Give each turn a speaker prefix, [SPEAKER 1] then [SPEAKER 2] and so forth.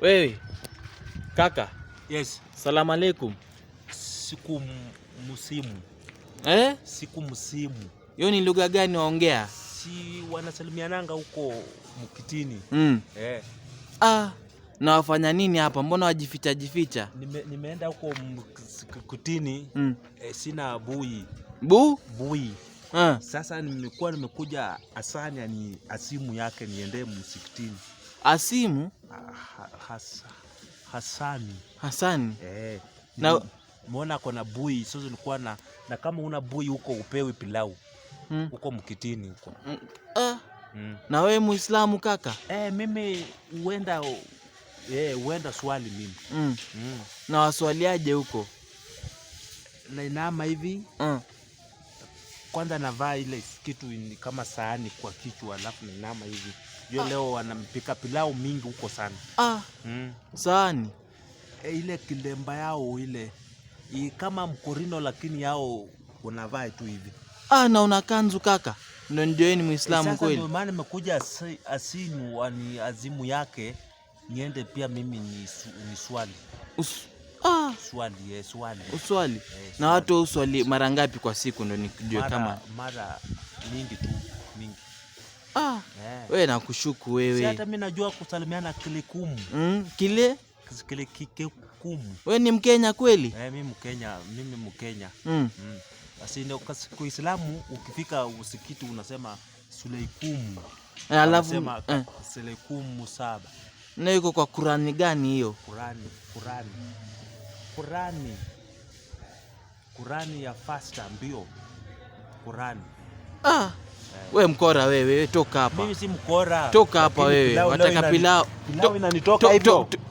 [SPEAKER 1] Wewe kaka, yes. Salamu alaikum.
[SPEAKER 2] Siku msimu eh? Siku msimu
[SPEAKER 1] hiyo ni lugha gani waongea?
[SPEAKER 2] Si wanasalimiananga huko Mkitini mm. eh.
[SPEAKER 1] Ah, na wafanya nini hapa? Mbona wajificha jificha?
[SPEAKER 2] Nime, nimeenda huko Mkitini mm. eh, sina bui bu bui Ha. Sasa nimekuwa nimekuja Asanya ni asimu yake niende msikitini.
[SPEAKER 1] Asimu?
[SPEAKER 2] Hasani Hasani eh, na mwona kona bui sozo nilikuwa na, na kama una bui huko upewi pilau hmm. huko hmm. Mkitini huko hmm.
[SPEAKER 1] Ah. Hmm. Na wewe Muislamu kaka
[SPEAKER 2] eh, mimi huenda eh, huenda swali mimi
[SPEAKER 1] hmm. Hmm. Na waswaliaje huko
[SPEAKER 2] na inama hivi hmm kwanza navaa ile kitu kama sahani kwa kichwa, alafu ninama hivi jua. Ah, leo wanampika pilau mingi huko sana.
[SPEAKER 1] Ah, mm. Sahani
[SPEAKER 2] e, ile kilemba yao ile I, kama mkorino lakini yao unavaa tu hivi.
[SPEAKER 1] Ah, na una kanzu kaka, ndio ni Muislamu e, kweli.
[SPEAKER 2] Sasa maana nimekuja asinu ani azimu yake niende pia mimi ni, ni swali
[SPEAKER 1] Us Ah.
[SPEAKER 2] Swali, eh, swali.
[SPEAKER 1] Uswali. Eh, swali. Na watu uswali mara ngapi kwa siku ndo nikijue kama
[SPEAKER 2] mara mingi tu mingi.
[SPEAKER 1] Ah. Yeah. Wewe nakushuku wewe. Si
[SPEAKER 2] hata mimi najua kusalimiana kile kumu.
[SPEAKER 1] Mm, kile
[SPEAKER 2] kile kike kumu.
[SPEAKER 1] Wewe ni Mkenya kweli?
[SPEAKER 2] Eh, mimi Mkenya, mimi Mkenya. Mm. Mm. Basi ndio kwa Uislamu ukifika usikiti unasema sulaikumu. Eh, alafu unasema eh, sulaikumu saba.
[SPEAKER 1] Na yuko kwa Qurani gani hiyo?
[SPEAKER 2] Qurani, Qurani. Kurani, Kurani ya fasta mbio. Kurani.
[SPEAKER 1] Ah. Eh. We mkora wewe, toka hapa.
[SPEAKER 2] Mimi si mkora.
[SPEAKER 1] Toka hapa wewe, wataka pilau.
[SPEAKER 2] Pilau inanitoka hivyo.